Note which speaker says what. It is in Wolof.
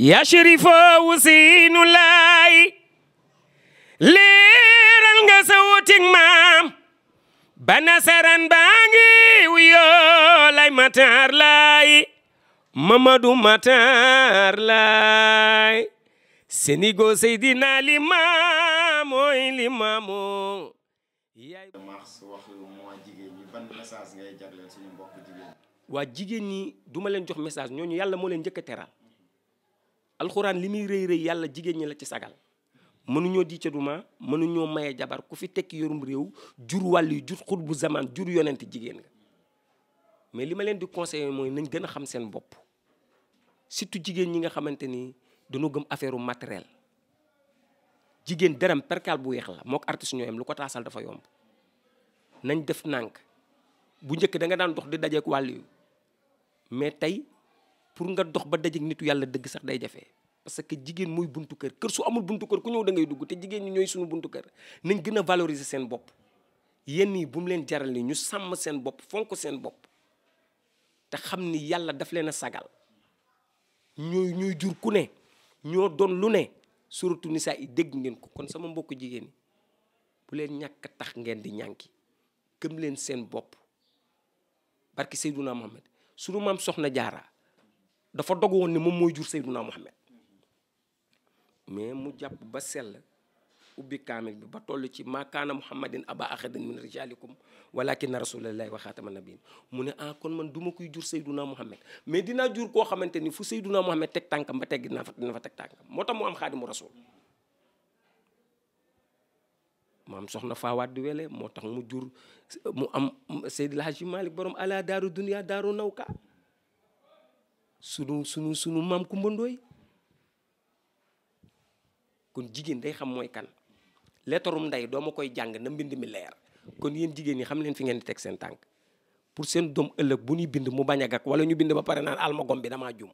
Speaker 1: yashrifa wusinu laay leeral nga sawutik maam ba nasaran baa ngi wuyoo lay mataar laay mamadu mataar laay senigo seydina limaam mooy limaamu yaay mars wax duma leen jox message ñooñu yàlla moo leen njëkk a teral alxuraan li muy rëy rëy yàlla jigéen ñi la ci sagal mënuñoo di ca duma mënuñoo maye jabar ku fi tekki yorum réew jur wàll yi jur xut bu zaman jur yonent jigéen nga mais li ma leen di conseiller mooy nañ gën a xam seen bopp surtout jigéen ñi nga xamante ni dañoo gëm affaire matériel jigéen deram perkaal bu weex la mook artiste ñoo yem lu ko taasal dafa yomb nañ def nànk bu njëkk danga daan dox di dajeek wàll yu mais tey pour nga dox ba dajeek nitu yàlla dëgg sax day jafe. parce que jigéen mooy buntu kër kër su amul buntu kër ku ñëw da ngay dugg te jigéen ñi ñooy suñu buntu kër nañ gën a valoriser seen bopp yenn yi bu mu leen jaral nii ñu sàmm seen bopp fonk seen bopp te xam ni yàlla daf leen a sagal ñooy ñooy jur ku ne ñoo doon lu ne surtout nisaa yi dégg ngeen ko kon sama mbokku jigéen ñi bu leen ñàkk tax ngeen di ñànki gëm leen seen bopp barki Seydouna Mohamed sunu maam soxna Jaara dafa dog woon ni moom mooy jur Seydouna Mohamed mais mu jàpp ba sel ubbi kaamil bi ba toll ci maakaana muhammadin aba axadin min rijalikum walakin rasulullahi wa a nabiin mu ne ah kon man duma ma koy jur sayduna muhammad mais dina jur koo xamante ni fu sayduna muhammad teg tànkam ba teg dina fa dina fa teg tànkam moo tax mu am xaadimu rasul maam soxna faawaat di wele moo tax mu jur mu am seydil hajji malik borom ala daaru dunya daaru nawka sunu sunu sunu maam kumbandooy kon jigéen day xam mooy kan leetarum ndey doo ma koy jàng na mbind mi leer kon yéen jigéen ñi xam leen fi ngeen di teg seen tànk pour seen doom ëllëg bu ñuy bind mu bañ a gàkk wala ñu bind ba pare naan almagom bi damaa jum